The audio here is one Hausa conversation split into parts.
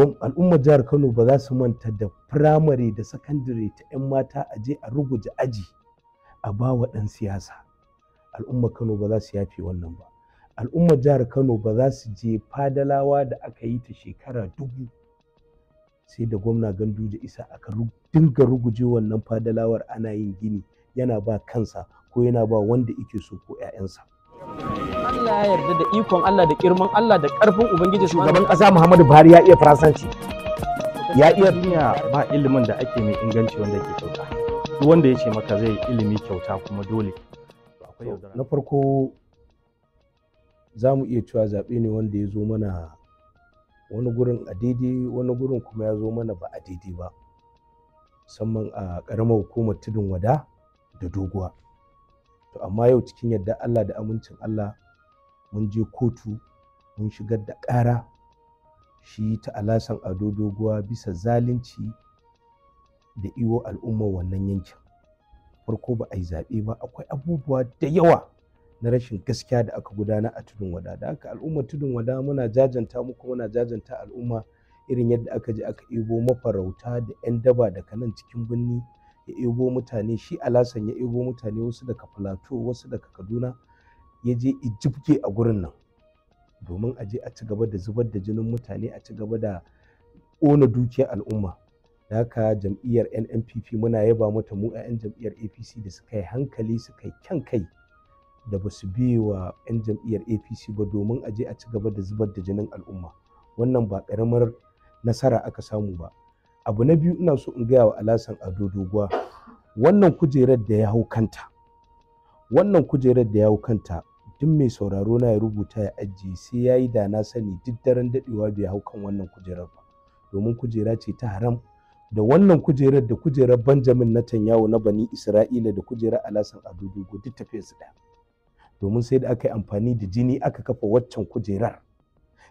al'ummar jihar kano ba za su manta da firamare da sakandare ta 'yan mata a je a ruguje aji a ba wa ɗan siyasa al'ummar kano ba za su yafe wannan ba al'ummar jihar kano ba za su je fadalawa da aka yi ta shekara dubu sai da gwamna Gandu da isa aka dinga ruguje wannan fadalawar ana yin gini yana ba kansa ko yana ba wanda ike so ko 'ya'yansa Allah ya yarda da ikon Allah da kirman Allah da karfin ubangiji shugaban ƙasa Muhammadu Buhari ya iya faransanci ya iya duniya ba ilimin da ake mai inganci wanda ke kyauta duk wanda ya ce maka zai ilimi kyauta kuma dole na farko za mu iya cewa zaɓe ne wanda ya zo mana wani gurin a daidai wani gurin kuma ya zo mana ba a daidai ba musamman a ƙaramar hukumar tudun wada da doguwa to amma yau cikin yadda allah da amincin allah mun je kotu mun shigar da ƙara shi ta alasan ado doguwa bisa zalunci da iwo al'umma wannan yankin farko ba a yi zaɓe ba akwai abubuwa da yawa na rashin gaskiya da aka gudana a tudun wada da haka al'ummar tudun wada muna jajanta mu kuma muna jajanta al'umma irin yadda aka je aka ebo mafarauta da 'yan daba daga nan cikin birni ya ebo mutane shi alasan ya ebo mutane wasu daga plateau wasu daga kaduna ya je ijibke a gurin nan domin a je a ci gaba da zubar da jinin mutane a ci gaba da ƙona dukiyar al'umma da haka jam'iyyar nnpp muna yaba mata mu 'ya'yan jam'iyyar apc da suka yi hankali suka yi kyan kai da ba su biye wa 'yan jam'iyyar apc ba domin a je a ci gaba da zubar da jinin al'umma wannan ba ƙaramar nasara aka samu ba abu na biyu ina so in gaya wa alasan ado doguwa wannan kujerar da ya hau kanta wannan kujerar da ya hau kanta duk mai sauraro na ya rubuta ya ajiye sai ya yi da na sani duk daren daɗewa bai hau kan wannan kujerar ba domin kujera ce ta haram da wannan kujerar da kujerar Benjamin na Tanyawo na bani Isra'ila da kujerar Alasan Adudugo duk tafiya su ɗaya domin sai da aka yi amfani da jini aka kafa waccan kujerar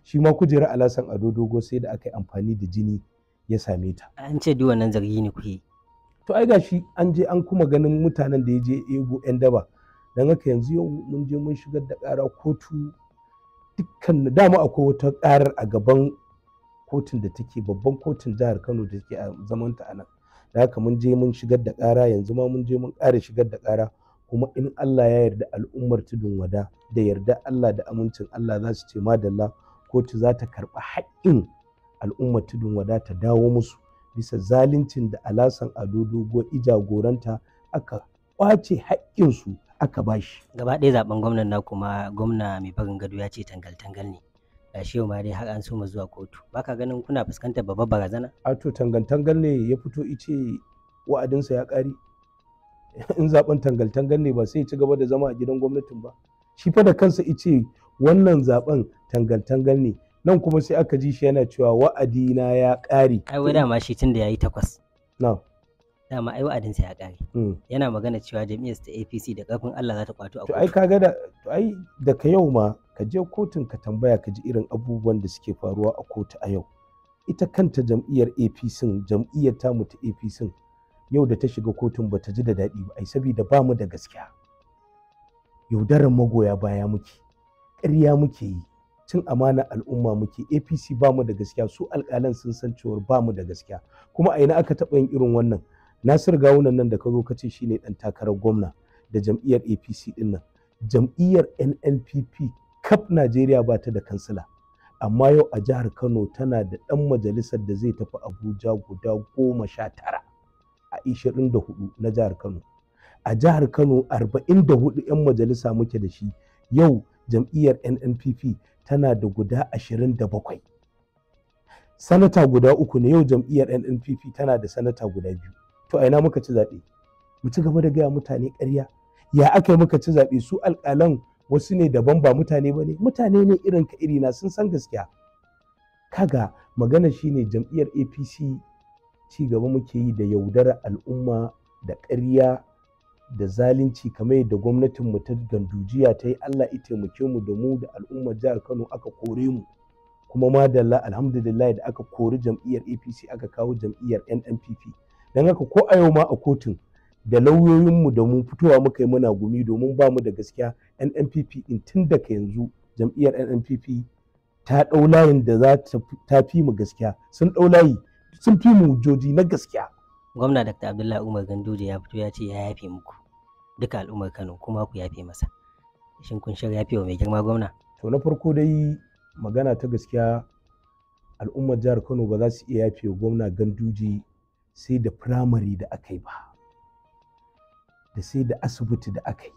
shi ma kujerar Alasan Adudugo sai da aka yi amfani da jini ya same ta an ce duk wannan zargi ne kuke to ai gashi an je an kuma ganin mutanen da ya je ego yan daba don haka yanzu yau mun je mun shigar da ƙara kotu dukkan dama akwai wata ƙarar a gaban kotun da take babban kotun jihar kano da take a zamanta a nan da haka mun je mun shigar da ƙara yanzu ma mun je mun ƙara shigar da ƙara kuma in allah ya yarda al'ummar tudun wada da yarda allah da amincin allah za su ce madalla kotu za ta karɓi haƙƙin al'ummar tudun wada ta dawo musu bisa zaluncin da alasan ado dogo ijagoranta aka ƙwace haƙƙinsu aka shi. gaba ɗaya zaben gwamnan na kuma gwamna mai barin gado ya ce tangal tangal ne gashi yau ma dai har an soma zuwa kotu Ba ka ganin kuna fuskantar babbar barazana a to tangal tangal ne ya fito ice wa'adinsa ya ƙare in zaben tangal tangal ne ba sai ci gaba da zama a gidan gwamnatin ba shi fa da kansa ice wannan zaben tangal tangal ne nan kuma sai aka ji shi yana cewa wa'adina ya ƙare ai wai dama shi tun da ya yi takwas na'am dama ai wa'adin sa ya kare hmm. yana magana cewa jami'ar ta APC da karfin Allah za ta kwato a kotu ai kaga da ai daga yau ma ka je kotun ka tambaya ka ji irin abubuwan da suke faruwa a kotu a yau ita kanta jam'iyyar APC jam'iyyar tamu ta APC yau da ta shiga kotun ba ta ji da daɗi ba ai saboda ba mu da gaskiya yaudarar magoya baya muke ƙarya muke yi cin amana al'umma muke apc ba mu da gaskiya su alƙalan sun san cewar ba mu da gaskiya kuma a ina aka taɓa yin irin wannan Nasir Gawunan nan da ka zo ka ce shine dan takarar gwamna da jam'iyyar APC din nan. Jam'iyyar NNPP kaf Najeriya ba ta da kansila. Amma yau a jihar Kano tana da ɗan majalisar da zai tafi Abuja guda goma sha tara a ishirin da hudu na jihar Kano. A jihar Kano arba'in da hudu 'yan majalisa muke da shi yau jam'iyyar NNPP tana da guda ashirin da bakwai. Sanata guda uku ne yau jam'iyyar NNPP tana da sanata guda biyu. to a ina muka ci zaɓe mu ci gaba da gaya mutane ƙarya ya aka yi muka ci zaɓe su alƙalan wasu ne daban ba mutane ba ne mutane ne irin ka irina sun san gaskiya kaga magana shine jam'iyyar apc ci gaba muke yi da yaudarar al'umma da ƙarya da zalunci kamar yadda gwamnatin mu ta gandujiya ta yi Allah ya taimake mu da mu da al'ummar jihar Kano aka kore mu kuma madalla alhamdulillah da aka kori jam'iyyar APC aka kawo jam'iyyar NNPP don haka ko a yau ma a kotun da lauyoyinmu da mun fitowa muka yi muna gumi domin ba mu da gaskiya nnpp in tun daga yanzu jam'iyyar nnpp ta ɗau layin da za ta fi mu gaskiya sun ɗau layi sun fi mu joji na gaskiya gwamna dr abdullahi umar Gandoji ya fito ya ce ya yafe muku duka al'ummar kano kuma ku yafe masa shin kun shirya yafe wa mai girma gwamna to na farko dai magana ta gaskiya al'ummar jihar kano ba za su iya yafe wa gwamna ganduje sai da firamare da aka yi ba da sai da asibiti da aka yi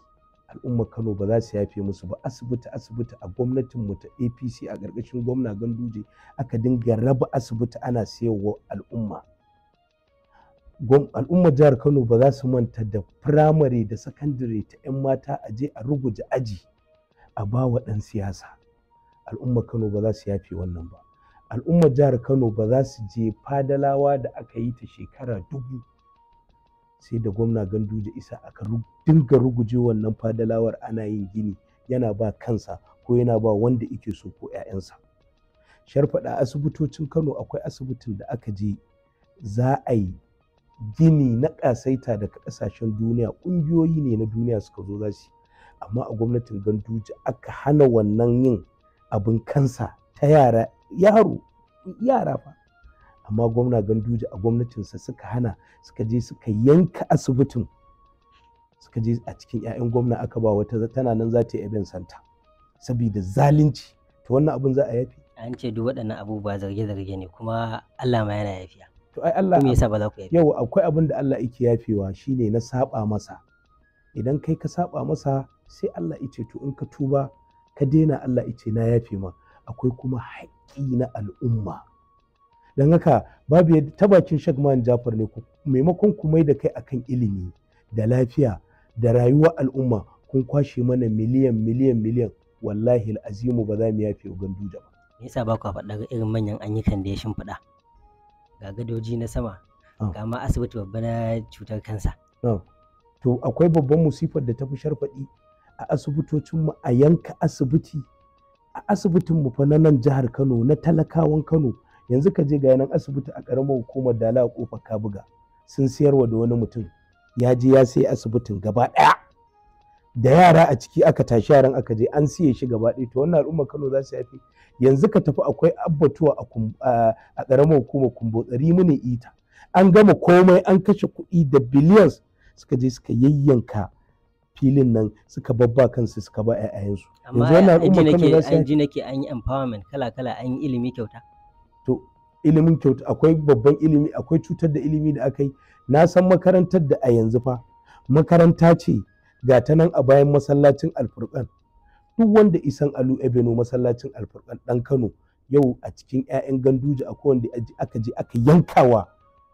Al'umma kano ba za su yafe musu ba asibiti asibiti a gwamnatin mu ta apc a ƙarƙashin gwamna ganduje aka dinga raba asibiti ana sayarwa al'umma Al'umma jihar kano ba za su manta da firamare da sakandare ta 'yan mata a je a ruguje aji a ba wa ɗan siyasa Al'umma kano ba za su yafe wannan ba al'ummar jihar kano ba za su je fadalawa da aka yi ta shekara dubu sai da gwamna Gandu da isa aka dinga ruguje wannan fadalawar ana yin gini yana ba kansa ko yana ba wanda ike so ko 'ya'yansa sharfaɗa asibitocin kano akwai asibitin da aka je za a yi gini na ƙasaita daga ƙasashen duniya ƙungiyoyi ne na duniya suka zo za su amma a gwamnatin ganduje aka hana wannan yin abin kansa ta yara yaro yara fa amma gwamna ganduje a gwamnatinsa suka hana suka je suka yanka asibitin suka je a cikin 'ya'yan gwamna aka ba wata tana nan za ta yi santa saboda zalunci to wannan abin za a yafi an ce duk waɗannan abubuwa zarge-zarge ne kuma Allah ma yana yafiya to ai Allah me yasa ba za ku yafi yau akwai abin da Allah yake yafewa shine na saba masa idan kai ka saba masa sai Allah ya ce to in ka tuba ka daina Allah ya ce na yafe ma akwai kuma haƙƙi na al'umma don haka babu yadda ta bakin shagman jafar ne maimakon ku mai da kai akan ilimi da lafiya da rayuwar al'umma kun kwashe mana miliyan miliyan miliyan wallahi azimu ba za mu yafe gandu da ba me yasa ba ku faɗa irin manyan ayyukan da ya shimfiɗa ga gadoji na sama ga asibiti babba na cutar kansa to akwai babban musifar da ta fi sharfaɗi a asibitocinmu a yanka asibiti a asibitin mu fa na nan jihar Kano na talakawan Kano yanzu ka je ga nan asibiti a karamar hukumar Dala a kofar Kabuga sun siyarwa da wani mutum ya je ya sai asibitin gaba ɗaya da yara a ciki aka tashi yaran aka je an siye shi gaba ɗaya to wannan al'umma Kano za su yafi yanzu ka tafi akwai abbatuwa a ƙaramar hukumar kumbo kumbotsari mune ita an gama komai an kashe kuɗi da billions suka je suka yayyanka filin nan suka babba kansu suka ba ƴaƴansu yanzu wannan al'umma an ji nake an yi empowerment kala kala an yi ilimi kyauta to ilimin kyauta akwai babban ilimi akwai cutar da ilimi da aka yi na san makarantar da a yanzu fa makaranta ce ga ta nan a bayan masallacin alfurkan duk wanda isan alu ebeno masallacin alfurkan dan kano yau a cikin 'ya'yan ganduja a wanda aka je aka yankawa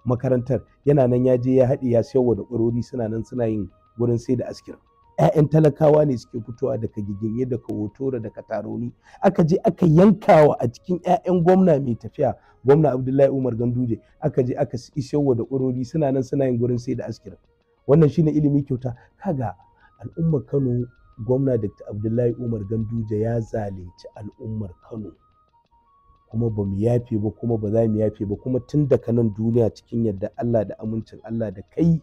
makarantar yana nan ya je ya haɗe ya siyarwa da ƙwarori suna nan suna yin gurin sai da askirin 'ya'yan talakawa ne suke fitowa daga giginye daga hotora daga taroni aka je aka yankawa a cikin 'ya'yan gwamna mai tafiya gwamna abdullahi umar ganduje aka je aka isowa da ƙurori suna nan suna yin gurin sai da askira. wannan shine ilimi kyauta kaga al'ummar kano gwamna dr abdullahi umar ganduje ya zalunci al'ummar kano kuma ba mu yafe ba kuma ba za mu yafe ba kuma tun daga nan duniya cikin yadda allah da amincin allah da kai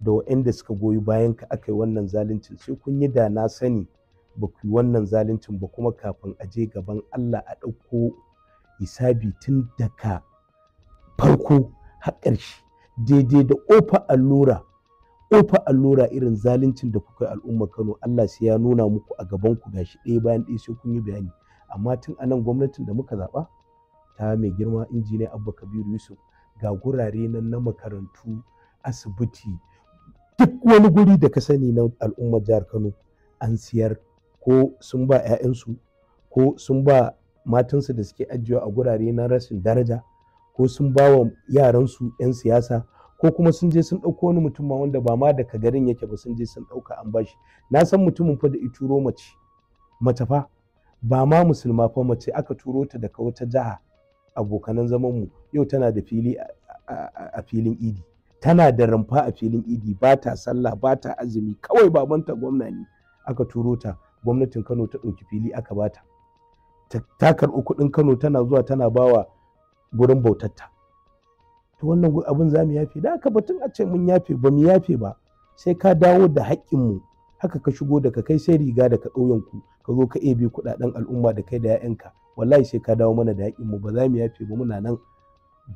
da waɗanda suka goyi bayan ka aka yi wannan zaluncin sai kun yi da na sani ba ku yi wannan zaluncin ba kuma kafin a je gaban Allah a ɗauko hisabi tun daga farko har ƙarshe daidai da ƙofa allura ƙofa allura irin zaluncin da kuka yi al'ummar Kano Allah sai ya nuna muku a gaban ku gashi ɗaya bayan ɗaya sai kun yi bayani amma tun anan gwamnatin da muka zaɓa ta mai girma injiniya Abba Kabiru Yusuf ga gurare nan na makarantu asibiti duk wani guri da ka sani na al'ummar jihar kano an siyar ko sun ba 'ya'yansu ko sun ba matansu da suke ajiyewa a gurare na rashin daraja ko sun ba wa yaransu 'yan siyasa ko kuma sun je sun ɗauko wani mutum ma wanda ba ma daga garin yake ba sun je sun ɗauka an bashi na san mutumin fa da ituro mace mace fa ba ma musulma fa mace aka turo ta daga wata jiha abokanan zamanmu yau tana da fili a filin idi tana da rumfa a filin idi ba ta sallah ba ta azumi kawai babanta gwamna ne aka turo ta gwamnatin kano ta ɗauki fili aka ba ta karɓi kuɗin kano tana zuwa tana bawa gurin bautatta. to wannan abin za mu yafe da aka batun a ce mun yafe ba mu yafe ba sai ka dawo da haƙƙinmu haka ka shigo da ka kai sai riga da ka ƙauyenku ka zo ka ebe kuɗaɗen al'umma da kai da 'ya'yanka wallahi sai ka dawo mana da haƙƙinmu ba za mu yafe ba muna nan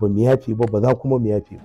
ba mu yafe ba ba za kuma mu yafe ba